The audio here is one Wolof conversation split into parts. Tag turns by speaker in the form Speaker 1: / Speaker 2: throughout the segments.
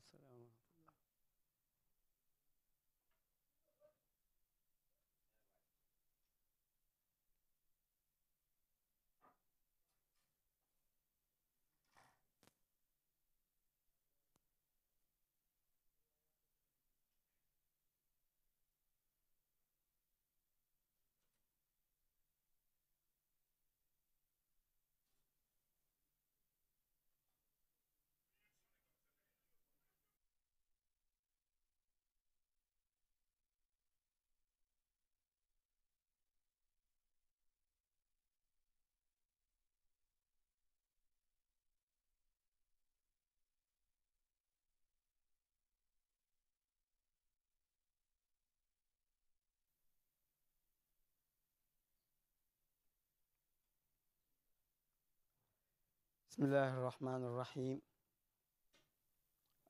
Speaker 1: salaamaaleykum bismillahi irrahmani irrahim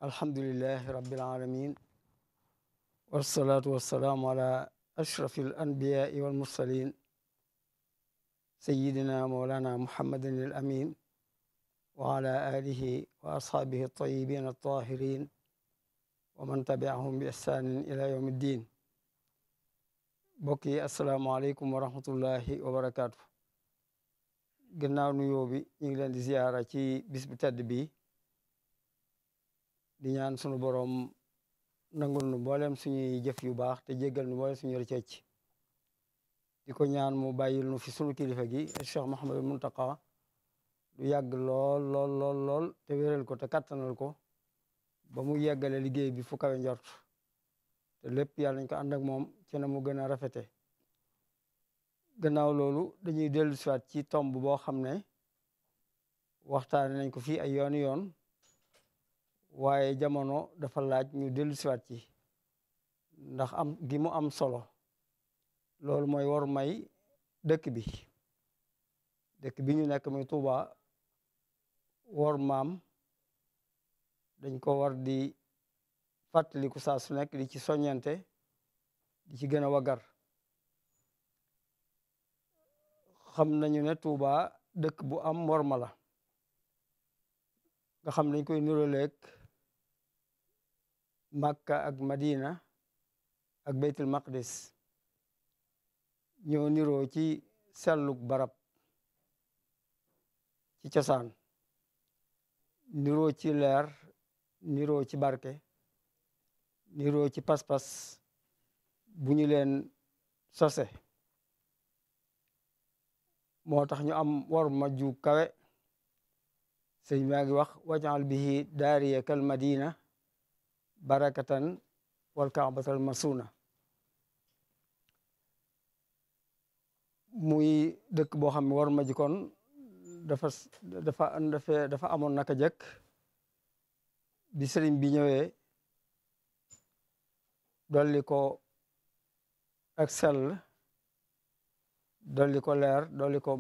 Speaker 1: alhamdulilahi rabilalamin walsalaatu wassalaamu ala ashrafi alanbiyaai walmursalin sayidina moolana muhammadin alamin waala alihi wa ashaabihi altayibin altahirin wa man tabiahum bi ihsanin ila yawm ddin bokk yi assalaamu aleykum wa rahmatullahi wa barakatuh ginnaaw nuyoo bi ñu ngi leen di ziyaara ci bis tedd bi di ñaan sunu boroom nangul nu mboolem suñuy jëf yu baax te jéggal nu mboolem suñu rëcc di ko ñaan mu bàyyil nu fi sunu kilifa gi Cheikh Mouhamadou Mountakha du yàgg lool lool lool te wéral ko te kattanal ko ba mu yeggale liggéey bi fu kawe njort te lépp yàlla nañ ko ànd moom ci mu gën a rafete gannaaw loolu dañuy dellu siwaat ci tomb boo xam ne waxtaane nañ ko fii ay yooni yoon waaye jamono dafa laaj ñu dellu siwaat ci ndax am gi mu am solo loolu mooy war may dëkk bi dëkk bi ñu nekk muy Tuuba war maam dañ ko war di fàttaliku saa su nekk di ci soññante di ci gën a wagar xam nañu ne Touba dëkk bu am worma la nga xam dañ koy niroleeg Makka ak Madina ak Beytul Maqdis ñoo niroo ci selluk barab ci cosaan niroo ci leer niroo ci barke niroo ci pas-pas bu ñu leen sose moo tax ñu am war ma ju kawe sëñ maa ngi wax wajal bihi daariya kal madina barakatan wal kaabatal masuna muy dëkk boo xam ne war ma ji dafa dafa amoon naka jëkk bi sëriñ bi ñëwee dolli ko ak sell dolli ko leer dolli ko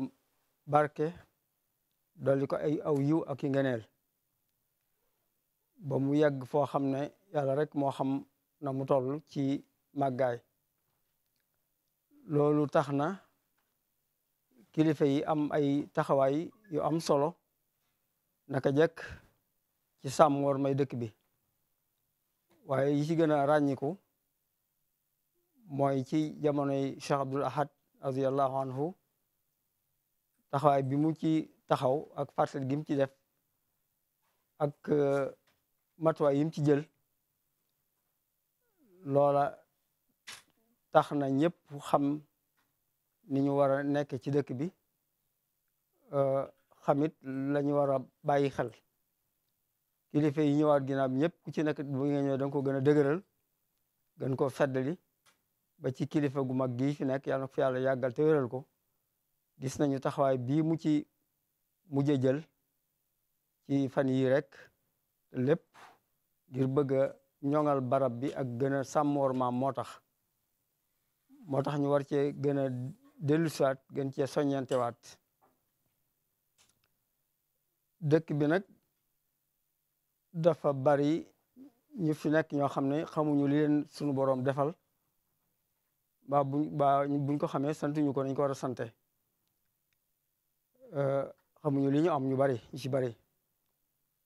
Speaker 1: barke dolli ko ay aw yiw ak i ba mu yegg foo xam ne yàlla rek moo xam na mu toll ci màggaay loolu tax na kilifa yi am ay taxawaay yu am solo naka jekk ci sàmm war may dëkk bi waaye yi ci gën a ràññiku mooy ci jamonoy Cheikh Abdul Ahad radiyallahu anhu taxawaay bi mu ci taxaw ak farset gi mu ci def ak euh, matuwaay yim ci jël loola tax na ñëpp xam ni ñu war a nekk ci dëkk bi euh, xamit la ñu war a bàyyi xel kilifa yi ñëwaat ginnaaw ñëpp ku ci nekk bu ngeen ñëw da ko gën a dëgëral gën koo feddali ba ci kilifa gu mag gi fi nekk yàlla na ko fi yàggal te wéral ko gis nañu taxawaay bii mu ci mujj jël ci fan yii rek lépp ngir bëgg a ñoŋal barab bi ak gën a sàmmoor maam moo tax moo tax ñu war cee gën a dellusiwaat gën cee soññantewaat dëkk bi nag dafa bari ñu fi nekk ñoo xam ne xamuñu li leen sunu boroom defal baa buñ baa buñ ko xamee sant ñu ko dañ ko war a sante euh, xamuñu li ñu am ñu bari ñu ci bari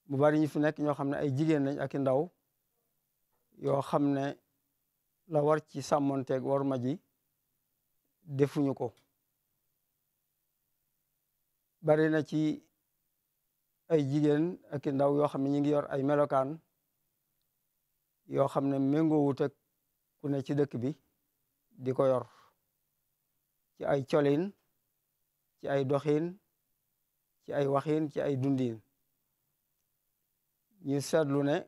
Speaker 1: mu bari ñu fi nekk ñoo xam ne ay jigéen lañ ak i ndaw yoo xam ne la war ci sàmmonteeg war ma ji defuñu ko bari na ci ay jigéen ak i ndaw yoo xam ne ñu ngi yor ay melokaan yoo xam ne wu ak ku ne ci dëkk bi di ko yor ci ay colin ci ay doxin ci ay waxin ci ay dundin ñu seetlu ne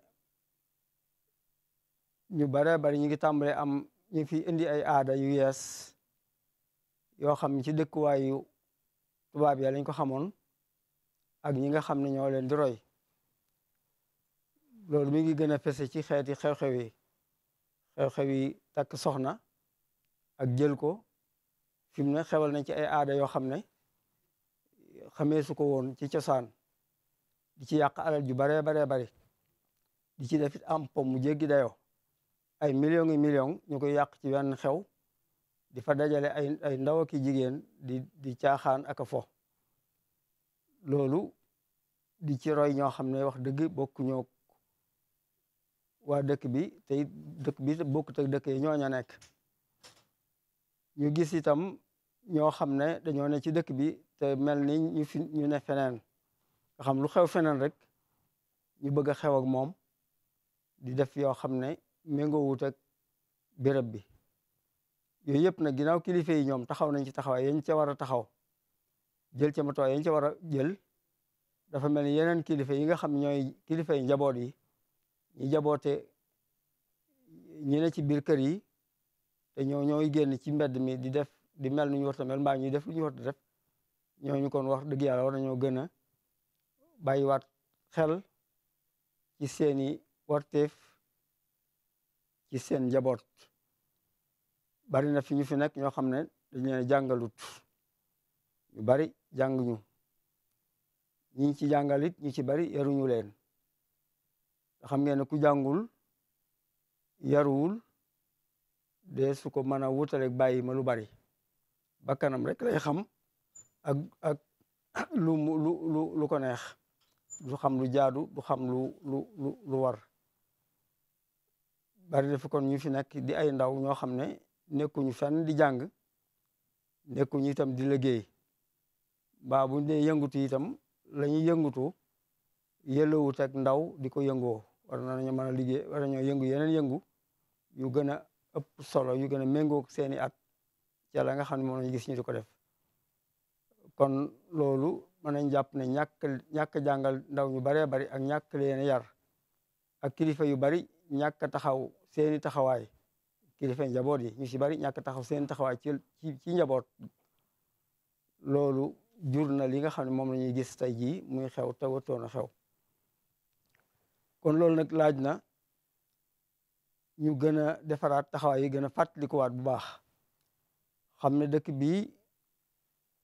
Speaker 1: ñu bare bari ñu ngi tàmbale am ñu fi indi ay aada yu yees yoo xam ci dëkkuwaayu tubaab ya lañ ko xamoon ak ñi nga xam ne ñoo leen di roy loolu mi ngi gën a fese ci xeeti xew-xew yi xew yi takk soxna ak jël ko fi mu ne xewal nañ ci ay aada yoo xam ne xamee ko woon ci cosaan di ci yàq alal ju baree baree bari di ci def am pom mu jéggi dayoo ay millions yi millions ñu koy yàq ci wenn xew di fa dajale ay ay ndaw ki jigéen di di caaxaan ak a fo loolu di ci roy ñoo xam ne wax dëgg bokku ñoo waa dëkk bi te dëkk bi bokkut ak dëkk yi ñoo ña nekk ñu gis itam ñoo xam ne dañoo ne ci dëkk bi te mel ni ñu fi ne feneen nga xam lu xew feneen rek ñu bëgg a xew ak moom di def yoo xam ne méngoo wut ak béréb bi yooyu yëpp na ginnaaw kilifa yi ñoom taxaw nañ ci taxawaay yañ ca war a taxaw jël ca matuwaay yañ ca war a jël dafa mel ni yeneen kilifa yi nga xam ñooy kilifa yi njaboot yi ñu jaboote ñu ne ci biir kër yi te ñoo ñooy génn ci mbedd mi di def di mel nu ñu war a mel mbaa ñuy def lu ñu war a def ñooñu kon wax dëgg yàlla war nañoo gën a bàyyiwaat xel ci seeni warteef ci seen njaboot bari na fi ñu fi nekk ñoo xam ne dañu leen jàngalut ñu bari jàng ñu ñi ci jàngalit ñu ci bari yaruñu leen xam ngeen ne ku jàngul yaruwul dee su ko mën a wutaleeg bàyyi ma lu bari bakkanam rek lay xam ak ak lu lu lu lu ko neex du xam lu jaadu du xam lu lu lu war bari dafa kon ñu fi nekk di ay ndaw ñoo xam ne nekkuñu fenn di jàng nekkuñu itam di liggéey mbaa bu ñu yëngutu itam la ñuy yëngutu yëlawut ak ndaw di ko yëngoo war nañu mën a liggéey war nañoo yëngu yeneen yëngu yu gën ëpp solo yu gën a ko seeni at ci la nga xam ne moom lañu gis ñu di ko def kon loolu mën nañ jàpp ne ñàkk ñàkk jàngal ndaw ñu baree bari ak ñàkk leen yar ak kilifa yu bari ñàkk taxaw seeni taxawaay kilifa njaboot yi ñu si bari ñàkk taxaw seeni taxawaay ci ci njaboot loolu jur na li nga xam ne moom la ñuy gis tey jii muy xew te watoon a xew kon loolu nag laaj ñu gën a defaraat taxawaay yi gën a fàttalikuwaat bu baax xam ne dëkk bii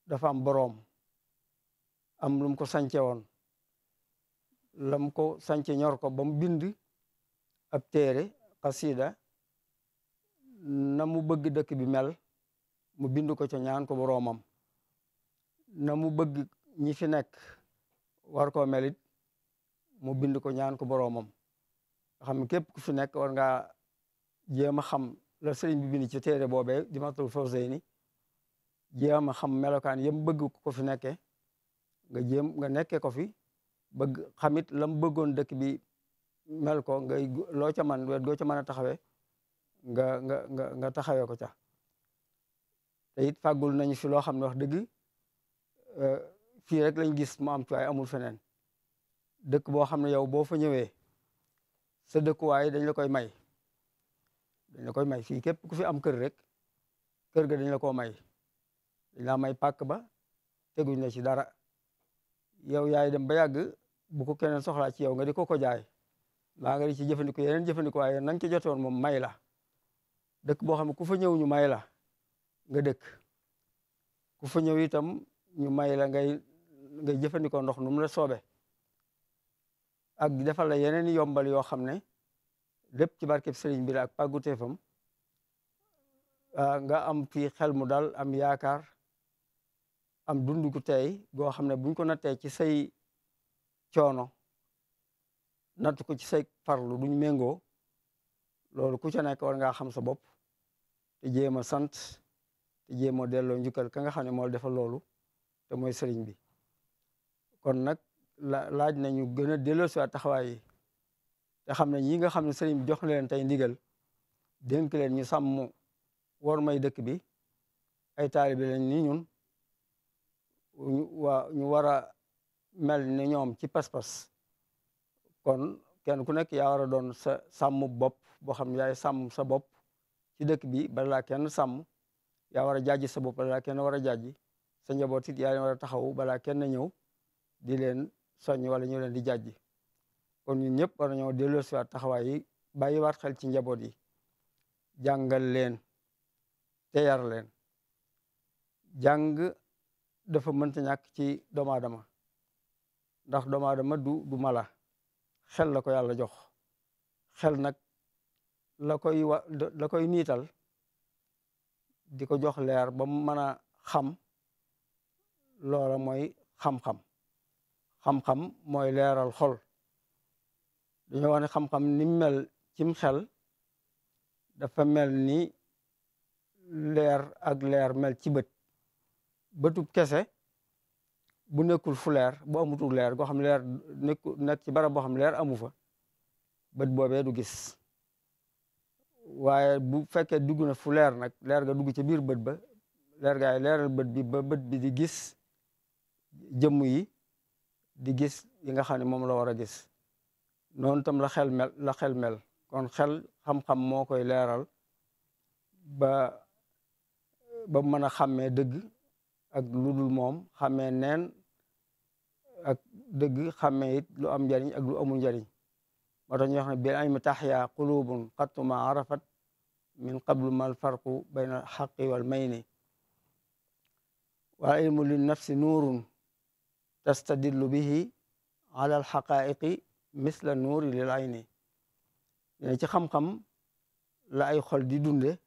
Speaker 1: dafa am boroom am lu ko sance woon lam ko sance ñor ko ba mu bind ab téere xasida na mu bëgg dëkk bi mel mu bind ko ca ñaan ko boroomam na mu bëgg ñi fi nekk war koo melit mu bind ko ñaan ko boroomam nga xam ku fi war ngaa jéem a xam la sëriñ bi bind ci téere boobe di matul fawsey ni jéem a xam melokaan yëm bëgg ko fi nekkee nga jéem nga nekkee ko fi bëgg xamit lam bëggoon dëkk bi mel ko ngay loo ca man wet goo ca mën a taxawee nga nga nga nga taxawee ko ca te it fàggul nañu fi loo xam ne wax dëgg euh, fii rek lañ gis mu am ci waaye amul feneen dëkk boo xam ne yow boo fa ñëwee sa dëkkuwaay dañ la koy may da la koy may fii képp ku fi am kër rek kër ga dañ la koo may dañ laa may pàkk ba teguñ la ci dara yow yaay dem ba yàgg bu ko keneen soxlaa ci yow nga di ko ko jaay maa nga di ci jëfandiku yeneen jëfandiku waaye na nga ci moom may la dëkk boo xam ne ku fa ñëw ñu may la nga dëkk ku ñëw itam ñu may la ngay ngay jëfandikoo ndox nu mu la soobe ak defal la yeneen yombal yoo xam ne lépp ci barkeb sëriñ bi la ak pàgguteefam ah, nga am fii xel mu dal am yaakaar am dund gu tey goo xam ne buñ ko nattee ci say coono natt ko ci say farlu duñ méngoo loolu ku ca nekk war ngaa xam sa bopp te jéem a sant te jéem a delloo njukkal ka nga xam ne moo defa loolu te mooy sëriñ bi kon nag laaj nañu gën a delloo si taxawaay yi te xam na ñi nga xam ne sëriñ bi jox na leen tey ndigal dénk leen ñu sàmm war may dëkk bi ay lañ ni ñun wa ñu war a mel ni ñoom ci pas kon kenn ku nekk yaa war a doon sa sàmm bopp boo xam ne yaay sàmm sa bopp ci dëkk bi balaa kenn sàmm yaa war a jaaji sa bopp balaa kenn war a jaaji sa njaboot it yaa leen war a taxaw balaa kenn ñëw di leen soññ wala ñu leen di jaaji kon ñun ñëpp war nañoo delloosiwaat taxawaay yi bàyyiwaat xel ci njaboot yi jàngal leen te yar leen jàng dafa mënta ñàkk ci doomu aadama ndax doomu aadama du du mala xel la ko yàlla jox xel nag la koy wa la koy niital di ko jox leer ba mu mën a xam loola mooy xam-xam xam-xam mooy leeral xol dañoo wax xam-xam ni mel cim xel dafa mel ni leer ak leer mel ci bët bëtub kese bu nekkul fu leer bu amutul leer goo xam leer nekk nekk ci barab boo xam leer amu fa bët boobee du gis waaye bu fekkee dugg na fu leer nag leer ga dugg ci biir bët ba leer bët bi bi di gis jëmm yi di gis yi nga xam ne moom la war a gis noonu tam la xel mel la xel mel kon xel xam-xam moo koy leeral ba ba mën a xàmmee dëgg ak lu moom xàmmee neen ak dëgg xàmmee it lu am njariñ ak lu amul njariñ moo tax ñu wax ne bil ilmi tahya qulubun qattu ma arafat min qablu mal farqu bayna alxaqi wal mayni wal ilmu lin nafsi nuurun tastadillu bihi ala alxaqaiqi misla nuuri lil ayni ne ci xam-xam la ay xol di dunde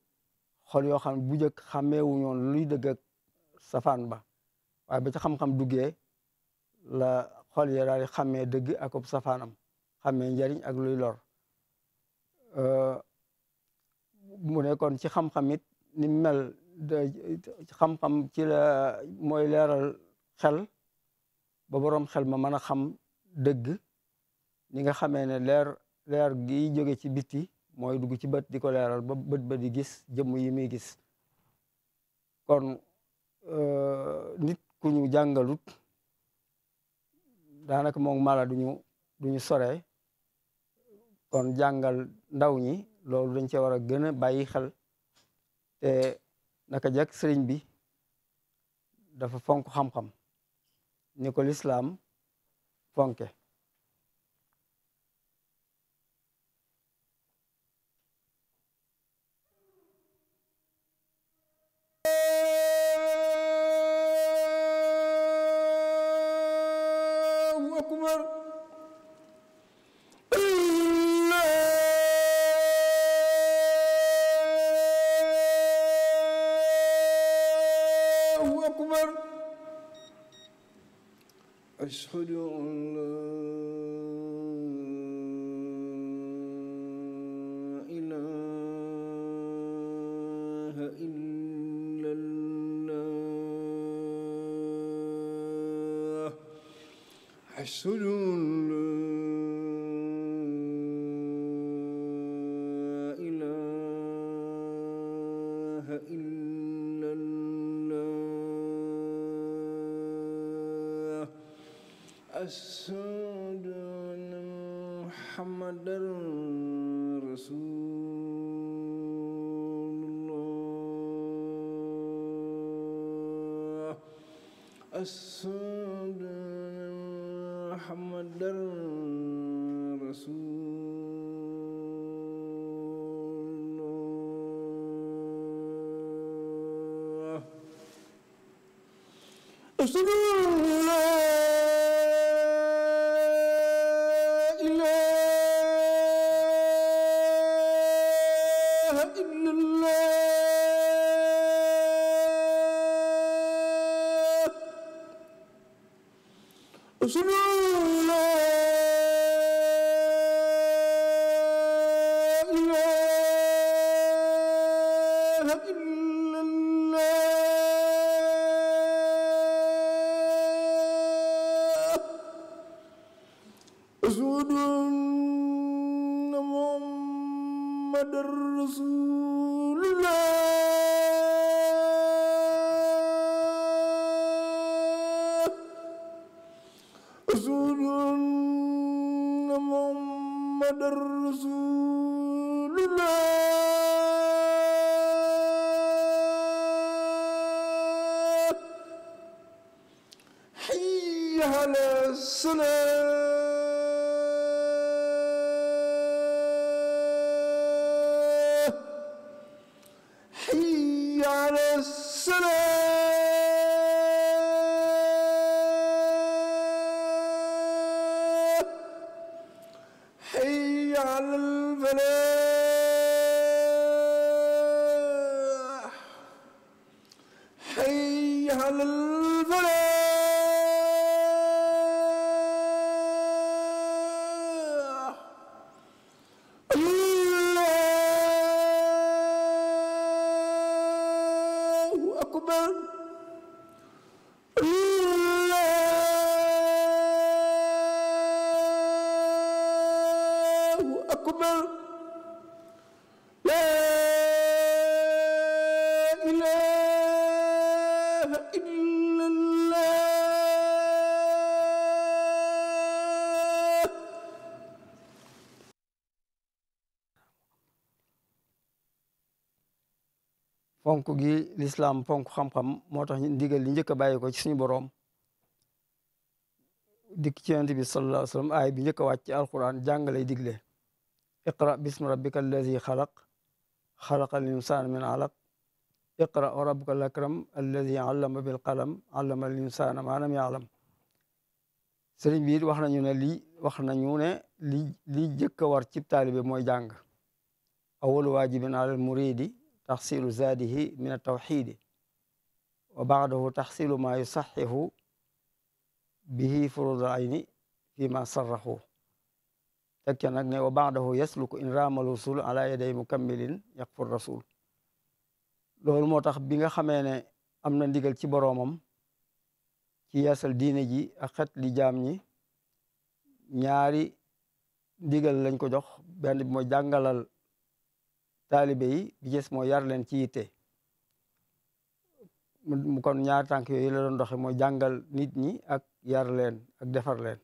Speaker 1: xol yoo xam bu njëkk xàmmeewu ñoon luy dëgg safaan ba waaye ba ci xam-xam duggee la xol ya daal di xàmmee dëgg ak safaanam xàmmee njariñ ak luy lor mu ne kon ci xam-xam it ni mel xam-xam ci la mooy leeral xel ba boroom xel ma mën a xam dëgg ni nga xamee ne leer leer gi jóge ci biti mooy dugg ci bët di ko leeral ba bët ba di gis jëmm yi muy gis kon euh, nit ku ñu jàngalut daanaka moom mala duñu duñu sore kon jàngal ndaw ñi loolu dañ cee war a gën a bàyyi xel te naka jekk sëriñ bi dafa fonk xam-xam ni ko lislaam fonke
Speaker 2: أشهد أشهد أن محمدا رسول الله أشهد
Speaker 3: محمدا رسول
Speaker 2: الله جهل السلام
Speaker 1: gi lislaam ponk xam-xam moo tax ndigal li njëkk a bàyyi ko ci suñu boroom dikk ci yonent bi sallallahu alayhi wa sallam aay bi njëkk a wàcc ci alquran jàngalay digle iqra bismi rabbika allazi xalaq xalaqal insaan min alaq iqra wa rabbuka akram allazi allama bil qalam allama al insaana maa lam ya'lam sëriñ bi it wax nañu ne lii wax nañu ne li lii jëkk a war cib taalibe mooy jàng awalu waajibin muridi taxsilu zaadihi min altawxidi wa baadahu taxsilu maa yusaxixu bihi furud ayni fi ma sarraxu tekke nag ne wa baadahu yasluku in raamal wusul ala yaday mukammilin yaqfur rasul loolu moo tax bi nga xamee ne am na ndigal ci boroomam ci yeesal diine ji ak xet li jaam ñi ndigal lañ ko jox benn bi mooy jàngalal taalibe yi bi gis mooy yar leen ci yitte mu kon ñaar tànk yooyu la doon doxe mooy jàngal nit ñi ak yar leen ak defar leen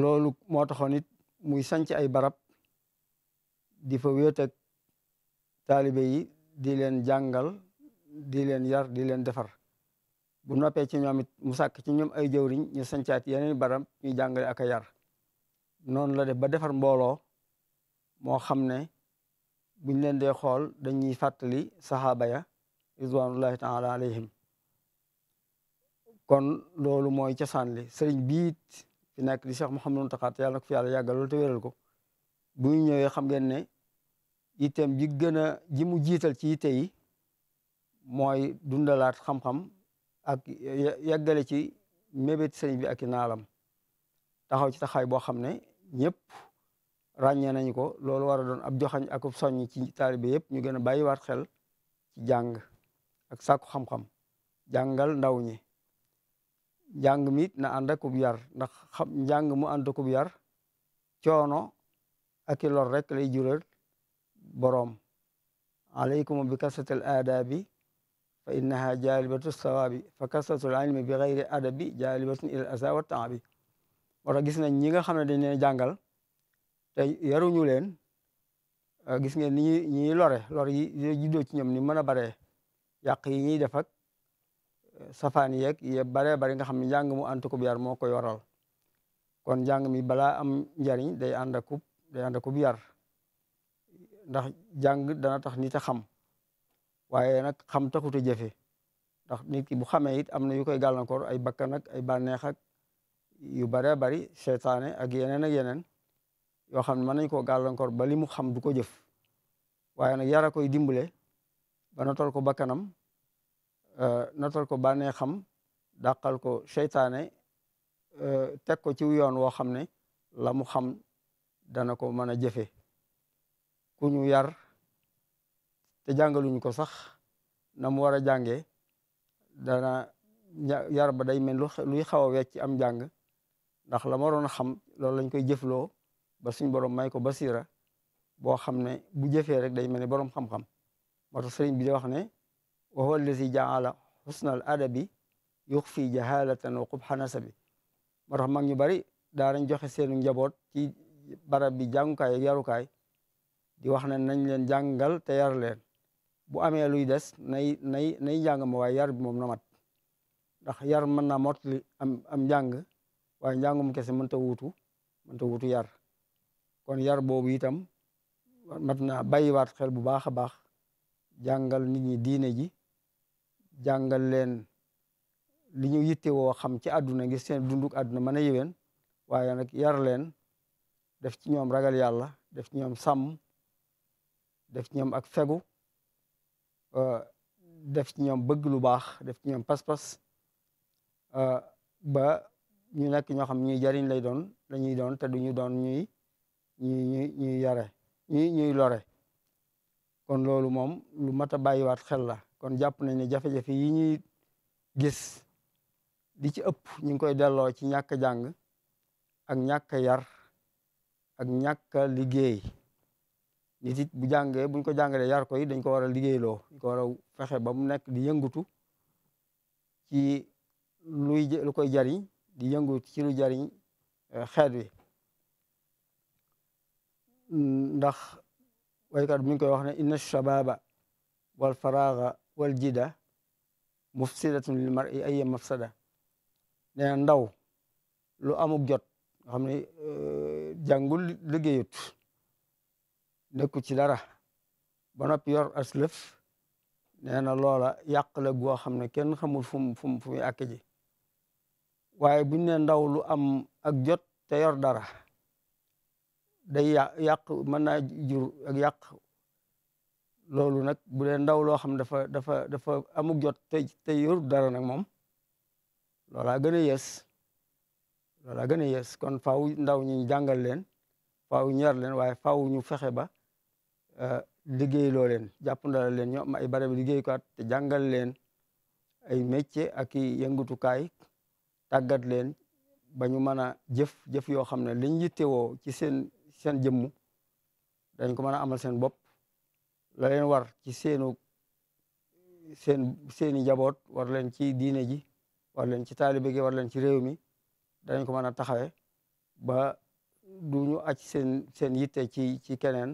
Speaker 1: loolu moo taxoon it muy sanc ay barab di fa wéet ak taalibe yi di leen jàngal di leen yar di leen defar bu noppee ci ñoom mu sàkk ci ñoom ay jëwriñ ñu sancaat yeneen barab ñu jàngale ak yar noonu la def ba defar mbooloo moo xam ne buñ leen dee xool dañuy fàttali saxaaba ya ridwanullahi taala alayhim kon loolu mooy cosaan li sëriñ biit fi nekk di Cheikh Mouhamadou Mountakha yàlla na ko fi yàlla yàggal loolu te wéral ko bu ñu ñëwee xam ngeen ne itam ji gën ji mu jiital ci yitte yi mooy dundalaat xam-xam ak yàggale ci mébét sëriñ bi ak i naalam taxaw ci taxaay boo xam ne ñëpp ràññee nañ ko loolu war a doon ab joxañ ak soññ ci taalibe yëpp ñu gën a bàyyiwaat xel ci jàng ak sàkku xam-xam jàngal ndaw ñi jàng miit na ànd akub yar ndax xam njàng mu ànd akub yar coono ak i lor rek lay jural boroom alaykum bi kasatil aadaabi fa innaha jaalibatu sawaabi fa kasatul ilmi bi gayri adabi jaalibatun ila asa wa taabi war a gis nañ ñi nga xam ne dañ jàngal te yaruñu leen ah, gis ngeen ni ñuy lore lor yi juddoo ci ñoom ni mën a baree yàq yi ñuy def ak eh, safaan yeeg ye baree bari nga xam ne njàng mu antukub yar moo koy waral kon njàng mi balaa am njariñ day ànd akub day ànd akub yar ndax jàng dana tax nit a xam waaye nag xam taxut a jëfe ndax nit ki bu xamee it am na yu koy gàllankoor ay bakkan ay bànneex ak yu baree bari seetaane ak yeneen ak yeneen yoo xam ne mën nañ koo gàllankoor ba li mu xam du ko jëf waaye nag yara koy dimbale ba notal ko bakkanam euh, notal ko bànnee xam dàqal ko seytaane euh, teg ko ci yoon woo xam ne la mu xam dana ko mën a jëfe ku ñu yar te jàngaluñ ko sax na mu war a jàngee dana yar ba day mel luy xaw a wecc am jàng ndax la ma xam loolu lañ koy jëfloo ba suñ borom may ko basira boo xam ne bu jëfee rek day mel ne borom xam-xam moo tax sëriñ bi di wax ne wa huwa allazi jaala xusnal adabi yuxfi jahalatan wa qubha nasabi moo tax mag ñu bari daarañ joxe seenu njaboot ci barab bi jàngukaay ak di wax ne nañ leen jàngal te yar bu amee luy des nay nay nay njàng ma waaye yar bi moom na mat ndax yar mën naa mottali am am njàng waaye njàngum kese mënta wuutu mënta wutu yar kon yar boobu itam mat naa bàyyiwaat xel bu baax a baax jàngal nit ñi diine ji jàngal leen li ñu woo xam ci àdduna ngir seen dunduk àdduna mën a yéwén waaye nag yar leen def ci ñoom ragal yàlla def ci ñoom sàmm def ci ñoom ak fegu euh, def ci ñoom bëgg lu baax def ci ñoom pas-pas euh, ba ñu nekk ñoo xam ñuy jariñ lay doon lañuy doon te duñu doon ñuy ñi ñuy yare ñi ñuy lore kon loolu moom lu mat a bàyyiwaat xel la kon jàpp nañ ne jafe-jafe yi ñuy gis di ci ëpp ñu ngi koy delloo ci ñàkk jàng ak ñàkk yar ak ñàkk liggéey nit bu jàngee buñ ko jàngalee yar ko yi dañ ko war a liggéeyloo dañ ko war a fexe ba mu nekk di yëngatu ci luy lu koy jariñ di yëngu ci lu jariñ eh, xeet wi ndax waykat mi ngi koy wax ne inna shababa wal faraaga wal jida mufsidatun lil mar'i ayya mafsada nee ndaw lu amuk jot nga xam ne euh, jàngul liggéeyut nekku ci dara ba noppi yor aslëf nee na loola yàq la goo xam ne kenn xamul fu mu fu mu fu muy waaye buñ ne ndaw lu am ak jot te yor dara da yàq yàq mën naa jur ak yàq loolu nag bu dee ndaw loo xam dafa dafa dafa amug jot te te dara nag moom loola gën a yees loolaa gën a kon faaw ndaw ñi jàngal leen faaw ñer leen waaye faaw ñu fexe ba euh, liggéey loo leen jàpp ndalal leen ñoom ay barab liggéeykat jàngal leen ay métier ak i yëngutukaay tàggat leen ba ñu mën a jëf jëf yoo xam ne liñ yittewoo ci seen seen jëmm dañ ko mën a amal seen bopp la leen war ci seenu seen seeni jaboot war leen ci diine ji war leen ci taalibe gi war leen ci réew mi dañ ko mën a taxawe ba du ñu acc seen seen yitte ci ci keneen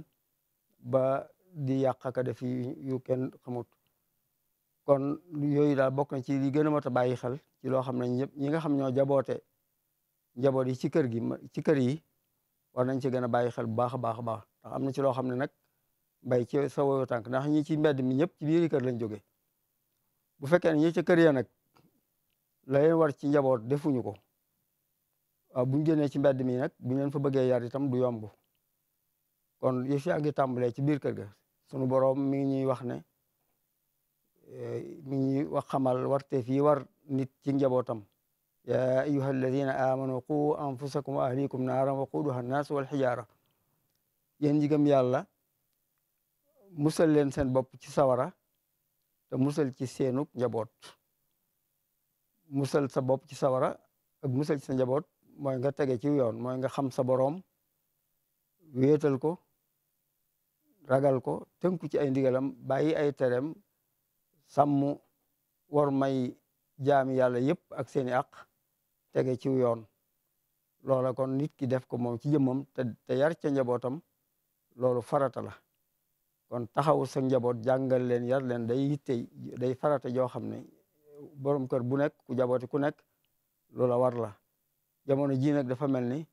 Speaker 1: ba di yàq ka def yu kenn xamut kon yooyu daal bokk na ci li gën a mot a bàyyi xel ci loo xam ne ñëpp ñi nga xam ñoo jaboote njaboot yi ci gi ci yi war nañ ci gën a bàyyi xel bu baax a baax a baax ndax am na ci loo xam ne nag mbay ci sa woyo tànk ndax ñi ci mbedd mi ñëpp ci biir kër lañ joge bu fekkee ne ñi ci kër ya nag la war ci njaboot defuñu ko buñ génnee ci mbedd mi nag bu leen fa bëggee yar itam du yomb kon yëf yaa ngi tàmbalee ci biir kër ga sunu boroom mi ngi ñuy wax ne eh, mi ngi ñuy wax xamal warteef yi war nit ci njabootam يا أيها الذين آمنوا قوا أنفسكم وأهليكم نارا وقودها الناس والحجارة yéen ñi gëm yàlla musal leen seen bopp ci sawara te musal ci seenug njaboot musal sa bopp ci sawara ak musal ci sa njaboot mooy nga tege ci yoon mooy nga xam sa boroom wéetal ko ragal ko tënku ci ay ndigalam bàyyi ay tereem sàmm war may jaami yàlla yépp ak seeni àq tege ci yoon loola kon nit ki def ko moom ci jëmmam te te yar ca njabootam loolu farata la kon taxawu sa njaboot jàngal leen yar leen day yitte day farata joo xam ne borom kër bu nekk ku jabooti ku nekk loola la jamono ji nag dafa mel ni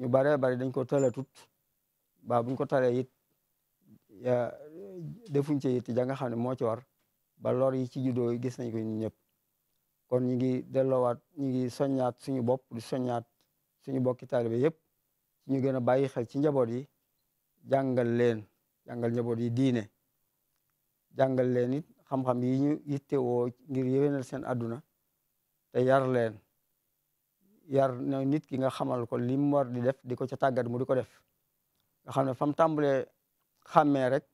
Speaker 1: ñu baree bari dañ ko talatut ba buñ ko talee it defuñ ci ja nga xam ne moo ci war ba lor yi ci juddoo yi gis nañ ko ñëpp kon ñu ngi delloowaat ñu ngi soññaat suñu bopp di soññaat suñu bokki taalibe yëpp ñu gën a bàyyi xel ci njaboot yi jàngal leen jàngal njaboot yi diine jàngal leen it xam-xam yi ñu yittewoo ngir yéwénal seen àdduna te yar leen yar na nit ki nga xamal ko lim mu war di def di ko ca tàggat mu di ko def nga xam ne fa mu tàmbalee xàmmee rek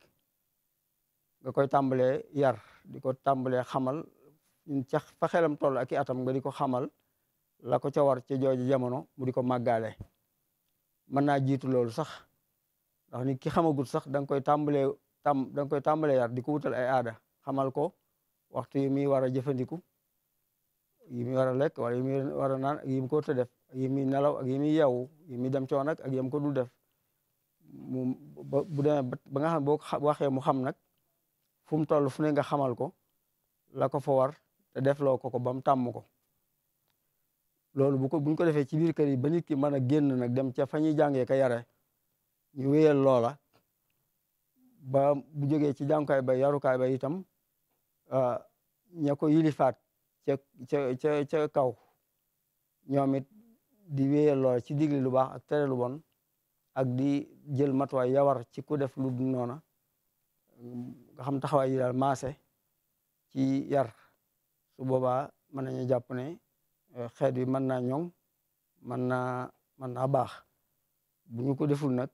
Speaker 1: nga koy tàmbalee yar di ko tàmbalee xamal cax fa xelam toll aki atam nga di ko xamal la ko ca war ca jooju jamono mu di ko màggaale mën naa jiitu loolu sax ndax ni ki xamagut sax da koy tàmbalee tam da koy tàmbalee yar di ko wutal ay aada xamal ko waxtu yi muy war a jëfandiku yi muy war a lekk wala yi muy war a naan ak yi ko te def ak yi muy nelaw ak yi muy yeewu yi muy dem coon ak yam ko dul def mu bu demee ba nga xam boo waxee mu xam nag fu mu toll fu ne nga xamal ko la ko fa war te defloo ko ko ba mu tàmm ko loolu bu ko buñ ko defee ci biir kër yi ba nit ki mën a génn nag dem ca fa ñuy jàngee ka yare ñu wéyal loola ba bu jógee ci jàngukaay ba yarukaay ba itam ah, ña ko yilifaat ca ca ca ca kaw ñoom it di wéyal loola ci digli lu baax ak tere lu bon ak di jël matuwaay yawar ci ku def lu dul noona nga xam taxawaay yi daal ci yar su boobaa mën nañu jàpp ne euh, xeet wi mën naa ñoŋ mën naa mën naa baax bu ñu ko deful nag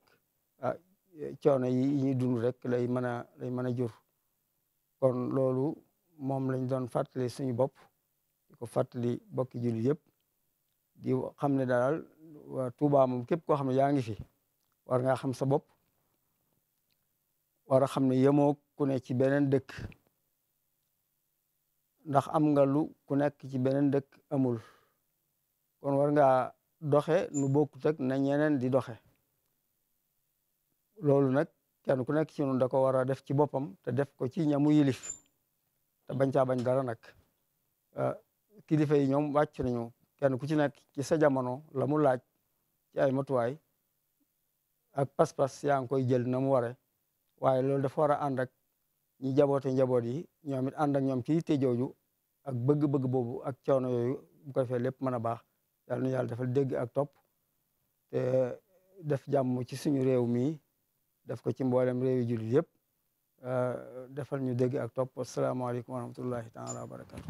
Speaker 1: ah yi ñuy dund rek lay mën a lay mën a jur kon loolu moom lañ doon fàttali suñu bopp di ko fàttali bokki jullit yëpp di xam ne daal waa Tuubaa moom képp koo xam ne yaa ngi fi war ngaa xam sa bopp war ne yemoo ku ne ci beneen dëkk ndax am nga lu ku nekk ci beneen dëkk amul kon war nga doxe nu bokkut ak na ñeneen di doxe loolu nag kenn ku nekk ci ñun da ko war a def ci boppam te def ko ci ñamu yilif te bañ caa bañ dara nag ah, kilifa yi ñoom wàcc nañu kenn ku ci nekk ci sa jamono la mu laaj ci ay matuwaay ak pas-pas yaa ngi koy jël na mu ware waaye loolu dafa war a ànd ñi jaboote njaboot yi ñoom it ànd ak ñoom ci yitte jooju ak bëgg-bëgg boobu ak coono yooyu bu ko defee lépp mën a baax nu yàlla defal dégg ak topp te def jàmm ci suñu réew mi def ko ci mboolem réewi jullit yëpp ah, defal ñu dégg ak topp asalaamaaleykum wa rahmatullahi taala wa barakatu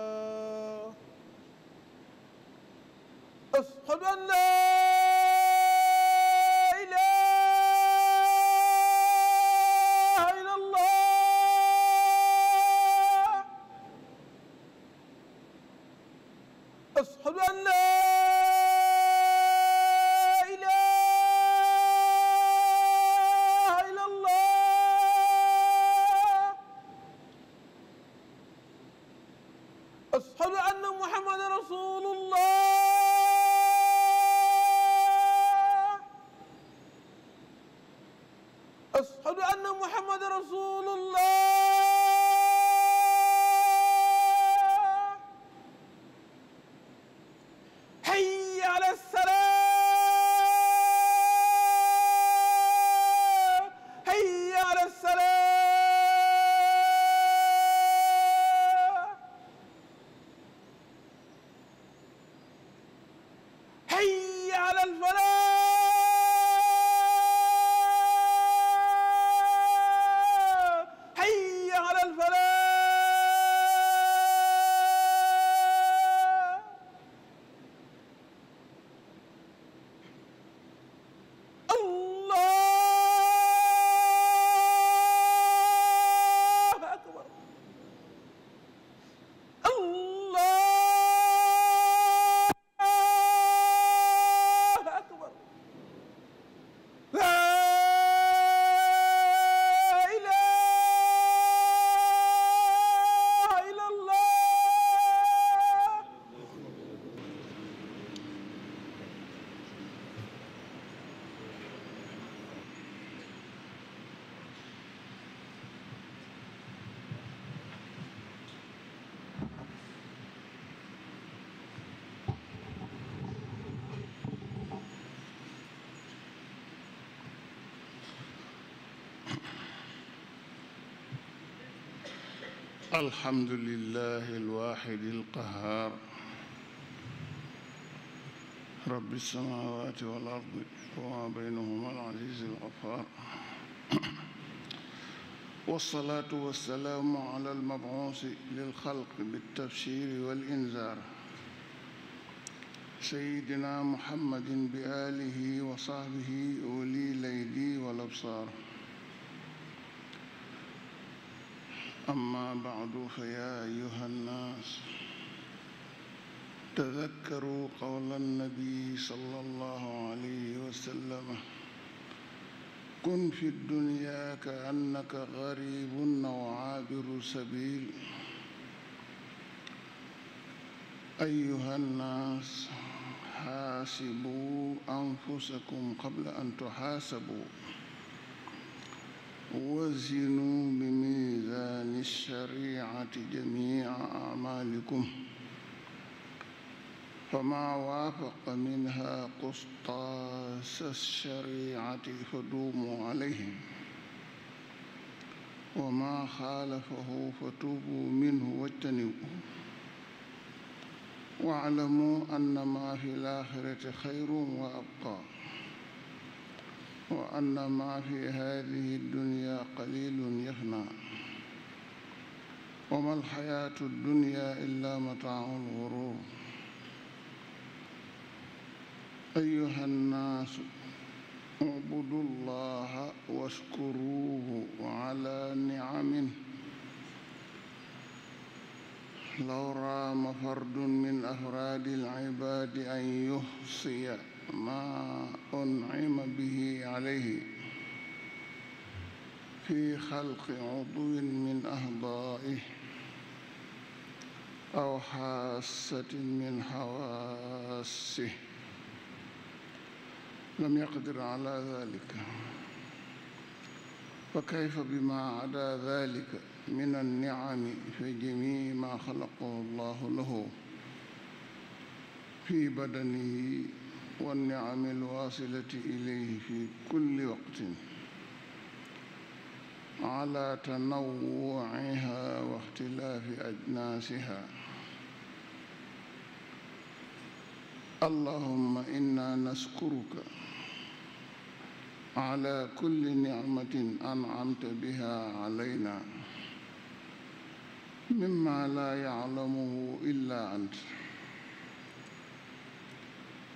Speaker 2: أشهد أن لا
Speaker 3: الحمد لله الواحد القهار رب السماوات والأرض وما بينهما العزيز الغفار والصلاة والسلام على المبعوث للخلق بالتبشير والإنذار سيدنا محمد بآله وصحبه أولي الأيدي والأبصار أما بعد فيا أيها الناس تذكروا قول النبي صلى الله عليه وسلم كن في الدنيا كأنك غريب أو عابر سبيل أيها الناس حاسبوا أنفسكم قبل أن تحاسبوا وزنوا بميزان الشريعة جميع أعمالكم فما وافق منها قسطاس الشريعة فدوموا عليه وما خالفه فتوبوا منه واجتنبوه واعلموا أن ما في الآخرة خير وأبقى وأن ما في هذه الدنيا قليل يفنى وما الحياة الدنيا إلا متاع الغرور أيها الناس اعبدوا الله واشكروه على نعمه لو رام فرد من أفراد العباد أن يحصي ما أنعم به عليه في خلق عضو من أهضائه أو حاسة من حواسه لم يقدر على ذلك فكيف بما عدا ذلك من النعم في جميع ما خلقه الله له في بدنه والنعم الواصلة إليه في كل وقت على تنوعها واختلاف أجناسها اللهم إنا نشكرك على كل نعمة أنعمت بها علينا مما لا يعلمه إلا أنت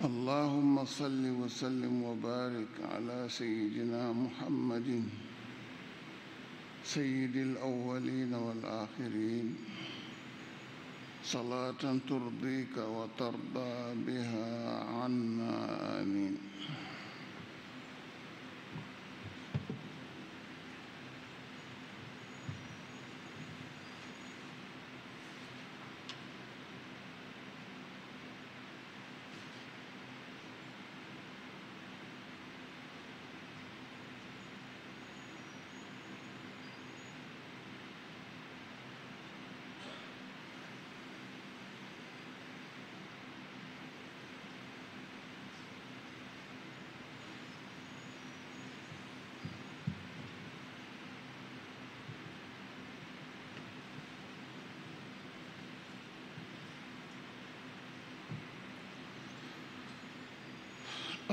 Speaker 3: اللهم صل وسلم وبارك على سيدنا محمد سيد الأولين والآخرين صلاة ترضيك وترضى بها عنا آمين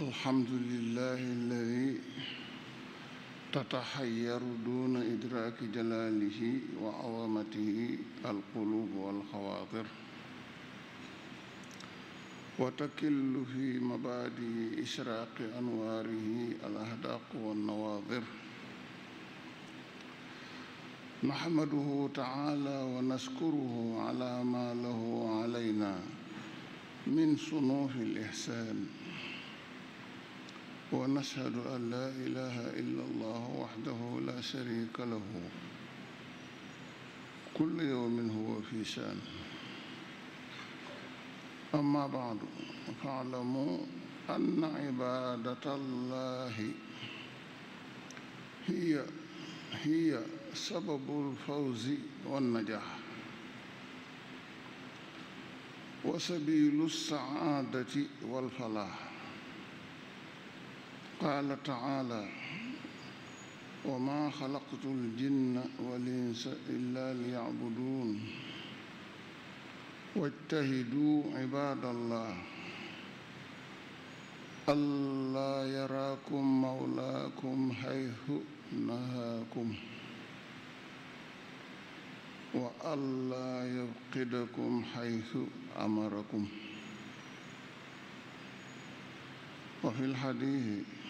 Speaker 3: الحمد لله الذي تتحير دون إدراك جلاله وعظمته القلوب والخواطر وتكل في مبادئ إشراق أنواره الأهداق والنواظر نحمده تعالى ونشكره على ما له علينا من صنوف الإحسان ونشهد أن لا إله إلا الله وحده لا شريك له كل يوم هو في شأن أما بعد فاعلموا أن عبادة الله هي هي سبب الفوز والنجاح وسبيل السعادة والفلاح qaala taala wa maa xalaqtu aljinna wal insa illa liyacbuduun wajtahiduu cibaadallah allaa yaraakum mawlaakum haythu nahaakum wa allaa yufqidakum haythu amarakum wa fi lxadiisi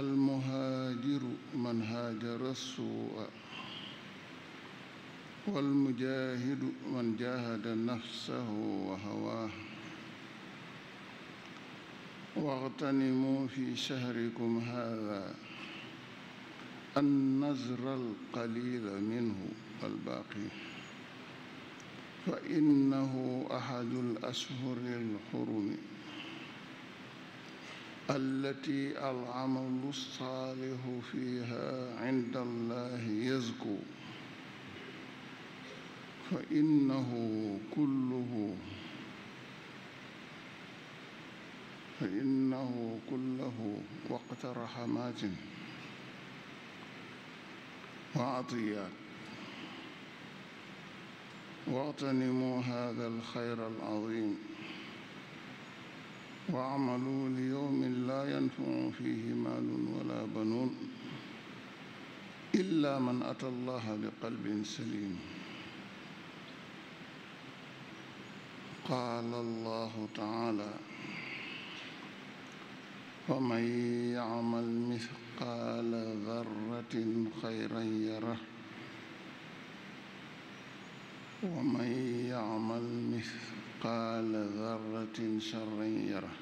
Speaker 3: المهاجر من هاجر السوء والمجاهد من جاهد نفسه وهواه واغتنموا في شهركم هذا النزر القليل منه والباقي فإنه أحد الأشهر الحرم التي العمل الصالح فيها عند الله يزكو فإنه كله فإنه كله وقت رحمات وعطيات واغتنموا هذا الخير العظيم واعملوا ليوم لا ينفع فيه مال ولا بنون إلا من أتى الله بقلب سليم قال الله تعالى ومن يعمل مثقال ذرة خيرا يره ومن يعمل مثقال ذرة شرا يره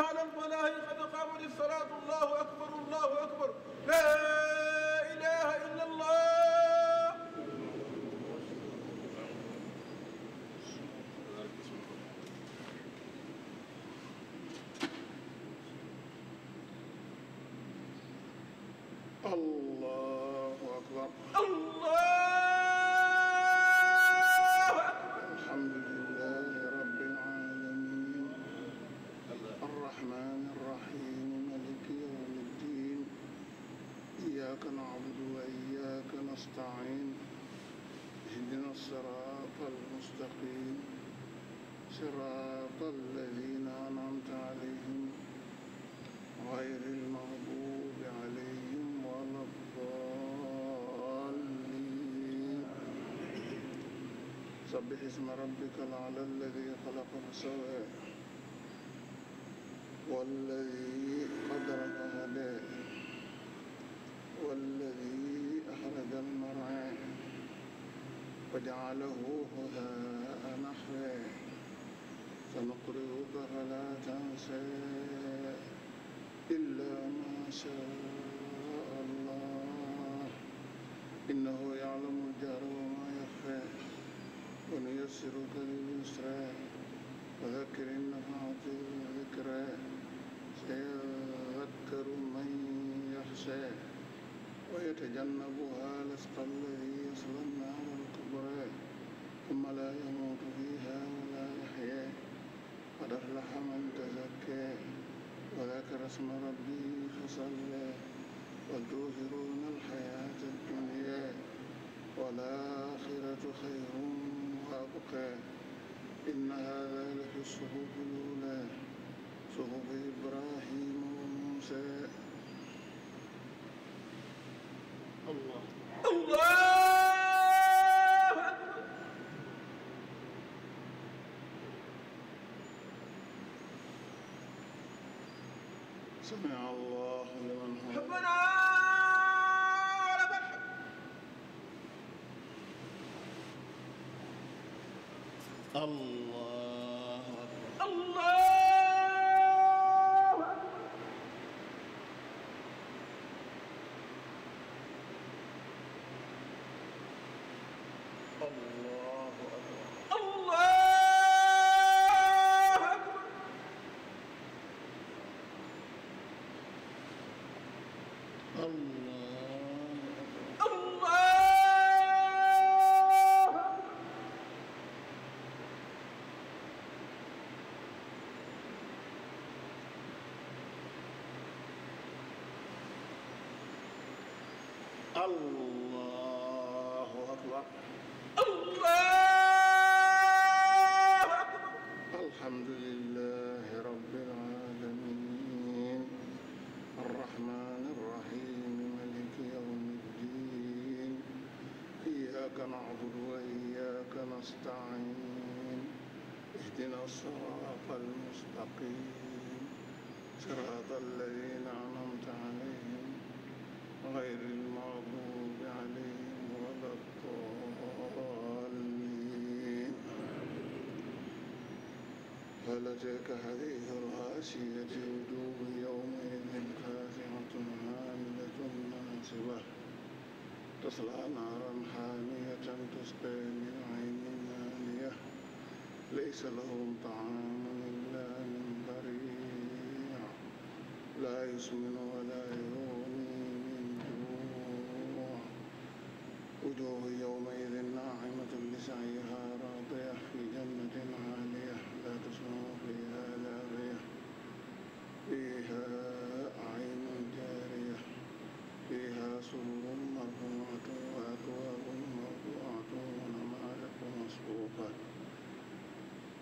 Speaker 2: على الفلاح قد قامت الصلاة الله أكبر الله أكبر لا إله إلا الله
Speaker 3: الله أكبر الله نستعين اهدنا الصراط المستقيم صراط الذين أنعمت عليهم غير المغضوب عليهم ولا الضالين سبح اسم ربك الأعلى الذي خلق فسوى والذي قدر فهدى والذي ذا المرعى وجعله هداء نحوه سنقرئك فلا تنسى إلا ما شاء الله إنه يعلم الجهر وما يخفى ونيسرك لليسرى وذكر النفعة الذكرى سيذكر من يخشى ويتجنبها الأشقى الذي يصلى النار الكبرى ثم لا يموت فيها ولا يحيا قد أفلح من تزكى وذكر اسم ربه فصلى وتؤثرون الحياة الدنيا والآخرة خير وأبقى إن هذا لفي الصحف الأولى صحف إبراهيم وموسى سمع الله لمن حمده ربنا ولك
Speaker 2: الحمد الله الله
Speaker 3: allahu akbar
Speaker 2: allahu akbar
Speaker 3: alhamdulillahi rabbil alamin arrahman arrahim maliki yawmi ddin iyyaka na'budu wa iyyaka nasta'in ihdina as-sirata al-mustaqim صراط الذين أنعمت عليهم غير هل أتاك حديث الغاشية وجوه يومئذ كافرة عاملة ناصبة تصلى نارا حامية تسقى من عين آنية ليس لهم طعام إلا من ضريع لا يسمن ولا يغني من جوع وجوه يومئذ ناعمة لسعيها سرر مرفوعة وأكواب موضوعة ونمارق مصفوفة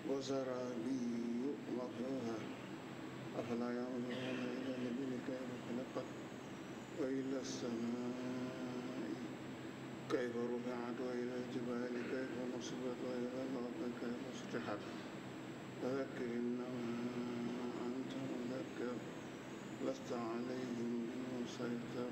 Speaker 3: وزرابي مطلوبة أفلا ينظرون إلى النبي كيف خلقت وإلى السماء كيف رفعت وإلى الجبال كيف نصبت وإلى الأرض كيف سطحت فذكر إنما أنت مذكر لست عليهم بمسيطر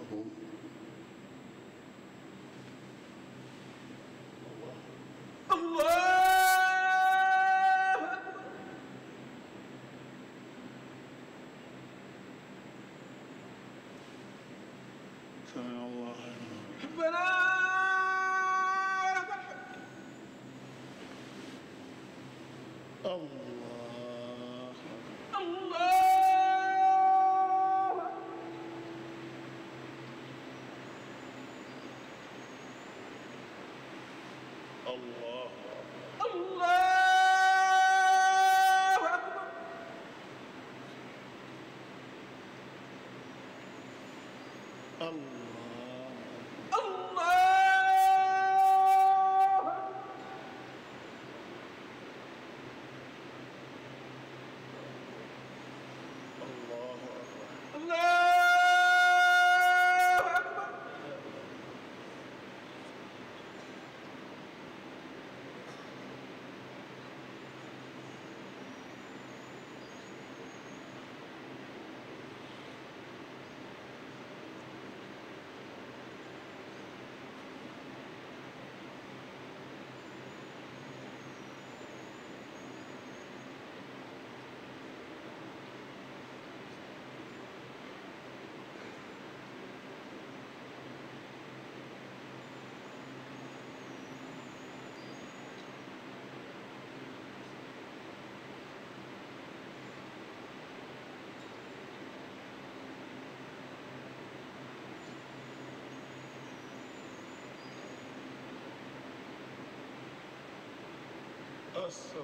Speaker 2: سمع الله ربنا ولك الله
Speaker 3: الله الله السلام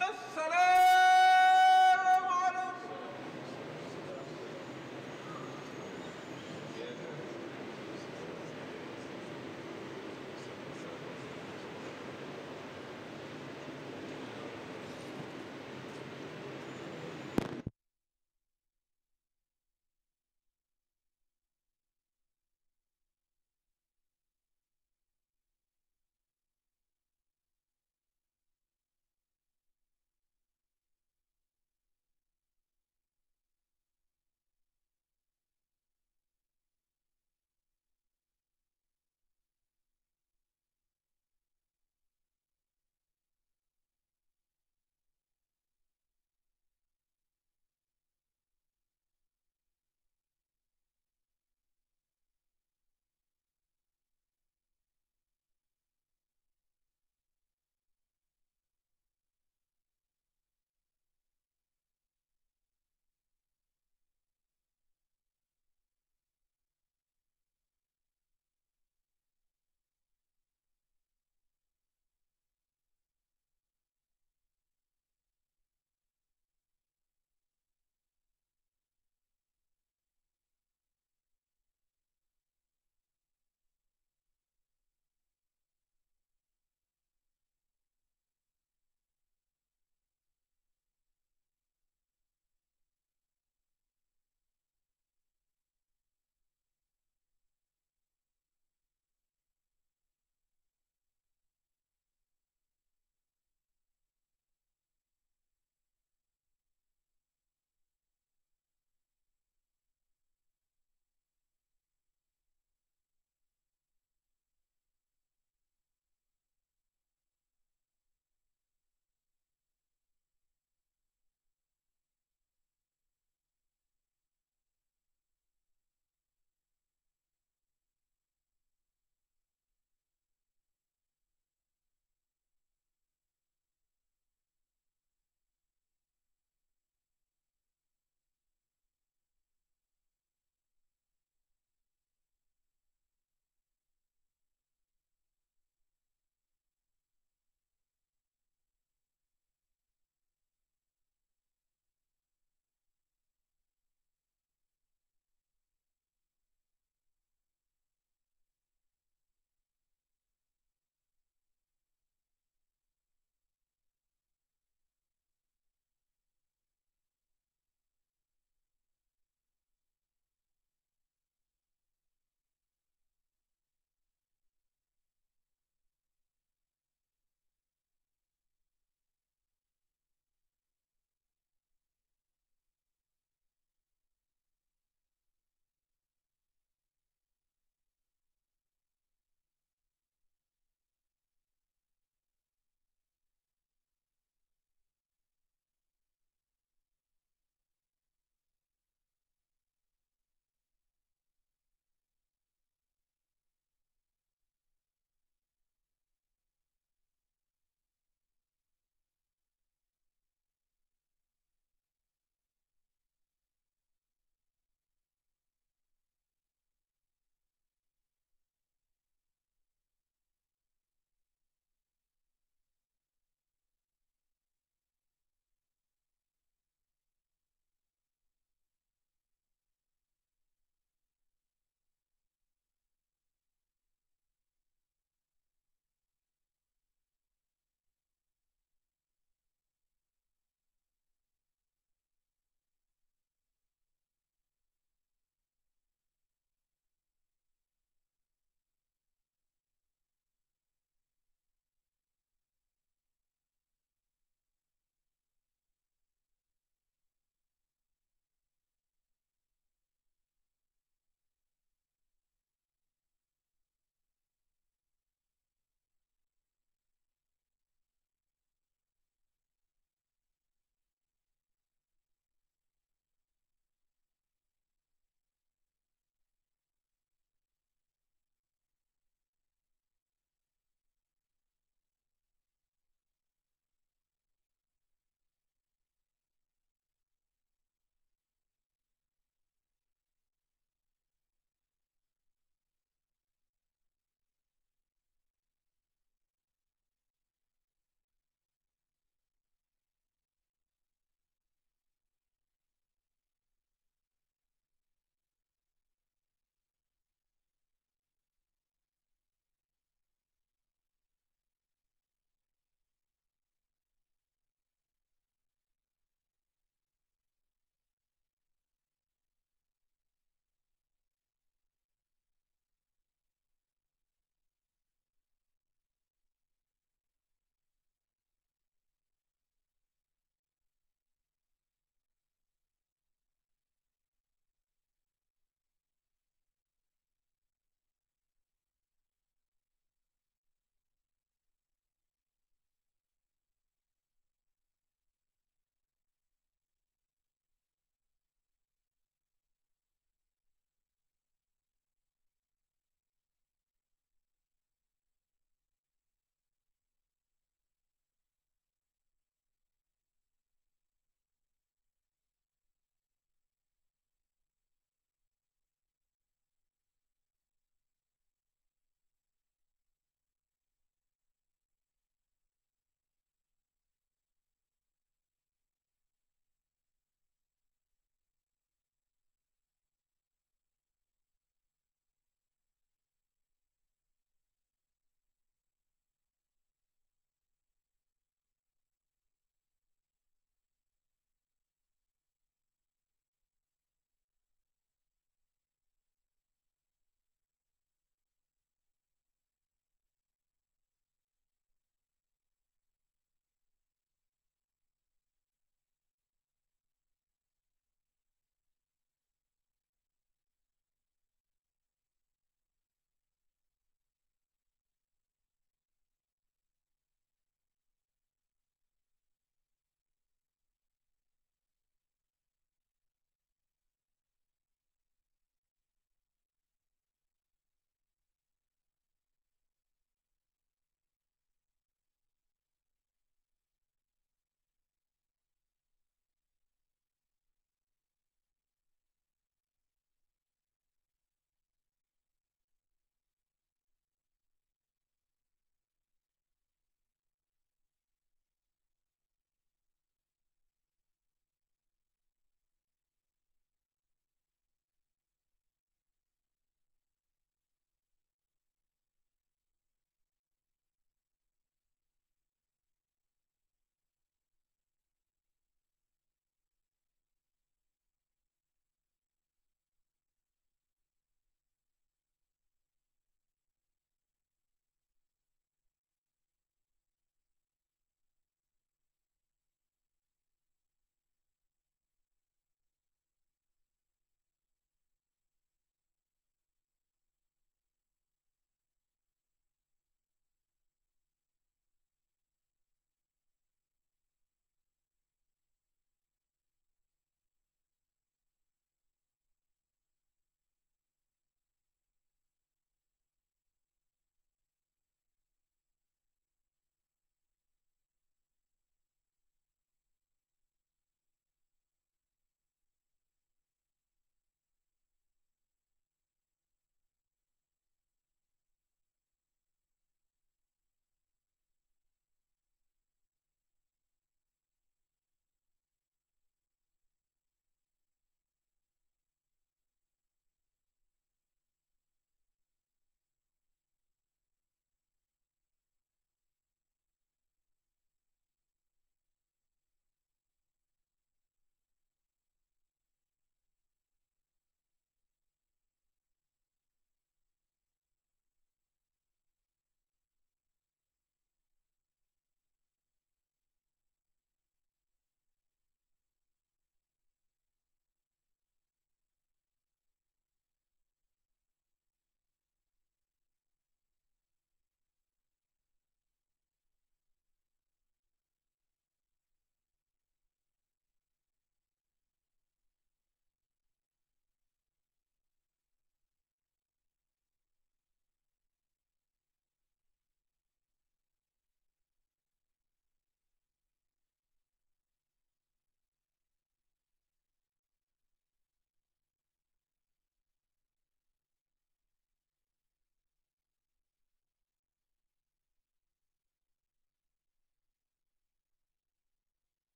Speaker 2: عليكم السلام